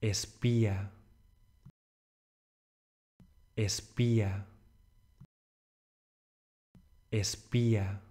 espía, espía, espía.